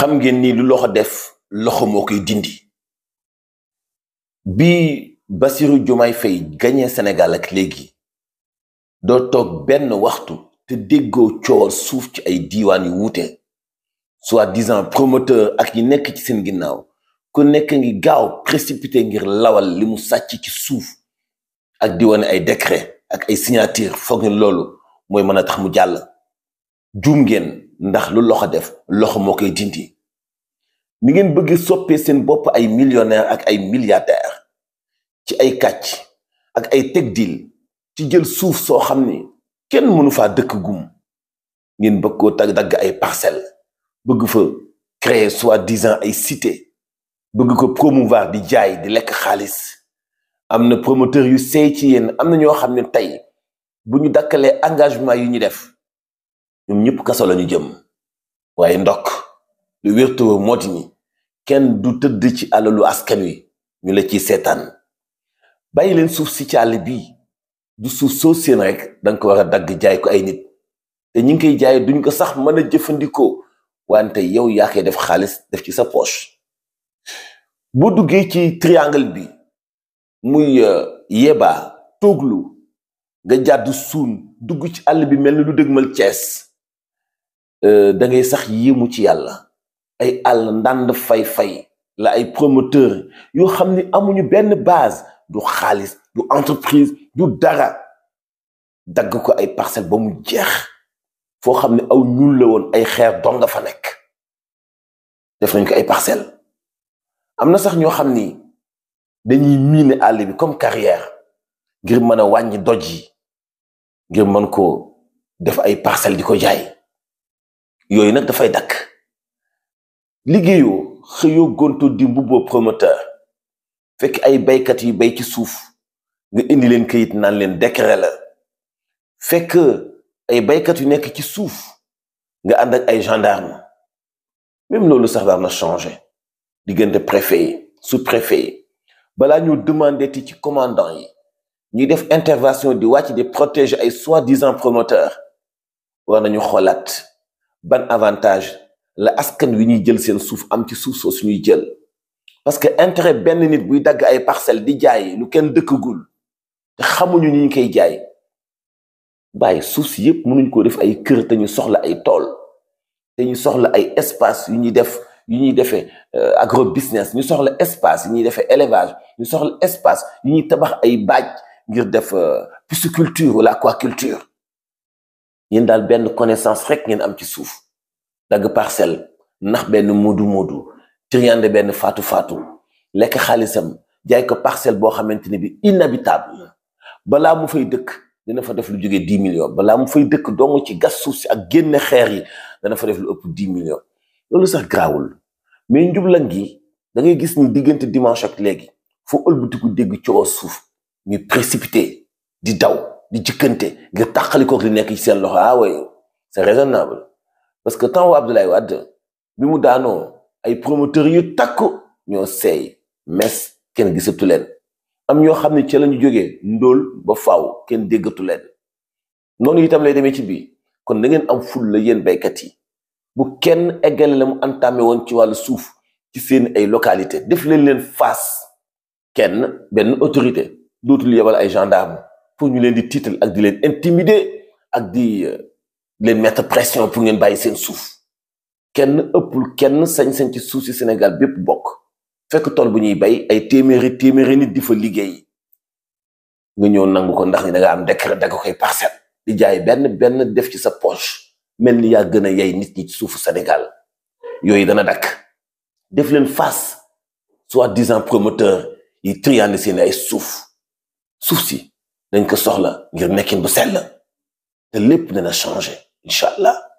xam ngeen ni lu loxo def loxo moo koy dindi bi Bassirou Diomaye Faye gañee Sénégal ak léegi doo toog benn waxtu te déggoo coowal suuf ci ay diiwaan yu wuute soi-disant promoteur ak yi nekk ci seen ginnaaw ku nekk ngi gaaw précipité ngir lawal li mu sàcc ci suuf ak di wane ay décret ak ay signature fo ne loolu mooy mën a tax mu jàll juum ngeen ndax lu loxo def loxo moo koy dindi ni ngeen bëgg soppee seen bopp ay millionnaire ak ay milliardaire ci ay kàcc ak ay teg deal ci jël suuf soo xam ni kenn mënu faa dëkk gum ngeen bëgg koo tag dagg ay parcelles bëgg fa créer soi-disant ay cité bëgg ko promouvoir di jaay di lekk xaalis am na promoteur yu seey ci yéen am na ñoo xam ne tey bu ñu dakkalee engagement yu ñu def ñoom ñëpp kaso la jëm waaye ndokk lu wértoo mooti ni kenn du tëdd ci alalu askan wi ñu la ci seetaan bàyyi leen suuf si ci àll bi du suuf soo seen rek danga ko war a dagg jaay ko ay nit te ñi ngi koy jaay duñ ko sax mën a jëfandikoo wante yow yaa koy def xaalis def ci sa poche boo duggee ci triangle bi muy euh, yebaa tooglu nga jàdd suun dugg ci àll bi mel ni lu dëgmal Cees Euh, da sax yéemu ci yàlla ay àll ndànd fay-fay la ay promoteur yoo xam ni amuñu benn base du xaalis du entreprise du dara dagg ko ay parcelle ba mu jeex foo xam ne aw ñuul la woon ay xeer dong nga fa nekk def nañ ko ay parcelle am na sax ñoo xam ni dañuy miine àll bi comme carrière ngir mën a wàññi doj yi ngir mën ko def ay parcelle di ko jaay yooyu nag dafay dakk liggéeyoo xëyoo gonto di mbubboo promoteur fekk ay baykat yu bay ci suuf nga indi leen kayit naan leen décret la fekk ay baykat yu nekk ci suuf nga ànd ak ay gendarme même loolu sax war na changé diggante préfet yi su préfet yi balaa ñu demandé ti ci commandant yi ñuy def intervention di wàcc di protéger ay soi-disant promoteurs war nañu xoolaat ban avantage la askan wi ñuy jël seen suuf am ci suuf soosu ñuy jël parce que intérêt benn nit buy dagg ay parcelle di jaay lu kenn dëkkagul te xamuñu ñu koy jaay bàyyi suuf si yëpp mënuñ ko def ay kër te ñu soxla ay tool te ñu soxla ay espace yu ñuy def yu ñuy defee euh, agro business ñu soxla espace yu ñuy defee élevage ñu soxla espace yu ñuy tabax ay baaj ngir def euh, pisciculture wala aquaculture yéen daal benn connaissance rek ngeen am ci suuf dagg parcelle ndax benn moodu moodu triande benn faatu faatu lekk xaalisam jaay ko parcelle boo xamante ne bi inhabitable balaa mu fay dëkk dina fa def lu jógee dix millions balaa mu fay dëkk dong ci gas suuf si ak génne xeer yi dana fa def lu ëpp dix millions loolu sax garaawul mais njublan gi da ngay gis ni diggante dimanche ak léegi foo ëlbatiku dégg coow suuf ñu précipité di daw di jëkkante ngir tàqalikook li nekk ci seen loxo ah oui c'est raisonnable parce que temps wu Abdoulaye Wade bi mu daanoo ay promoteurs yu takku ñoo seey mes kenn gisatu leen am ñoo xam ne ci la ñu jógee ndóol ba faw kenn déggatu leen noonu itam lay demee ci bi kon na ngeen am ful la yéen béykat yi bu kenn eggale la mu entamé woon ci wàllu suuf ci seen ay localité def leen leen face kenn benn autorité dootul yebal ay gendarme pour ñu leen di tiital ak di leen intimider ak di euh, leen mettre pression pour ngeen bàyyi seen suuf kenn ëppul kenn sañ-sañ ci suuf si Sénégal bépp bokk fekk tool bu ñuy bay ay téeméeri téeméeri nit di fa liggéey nga ñëw nangu ko ndax da nga am décret da nga koy parcelle di jaay benn benn def ci sa poche mel ni yaa gën a yay nit ñi ci suufu Sénégal yooyu dana dakk def leen face soit disant promoteur yi triande seen ay suuf suuf si dañ ko soxla ngir nekkin bu sell te lépp na changer incha allah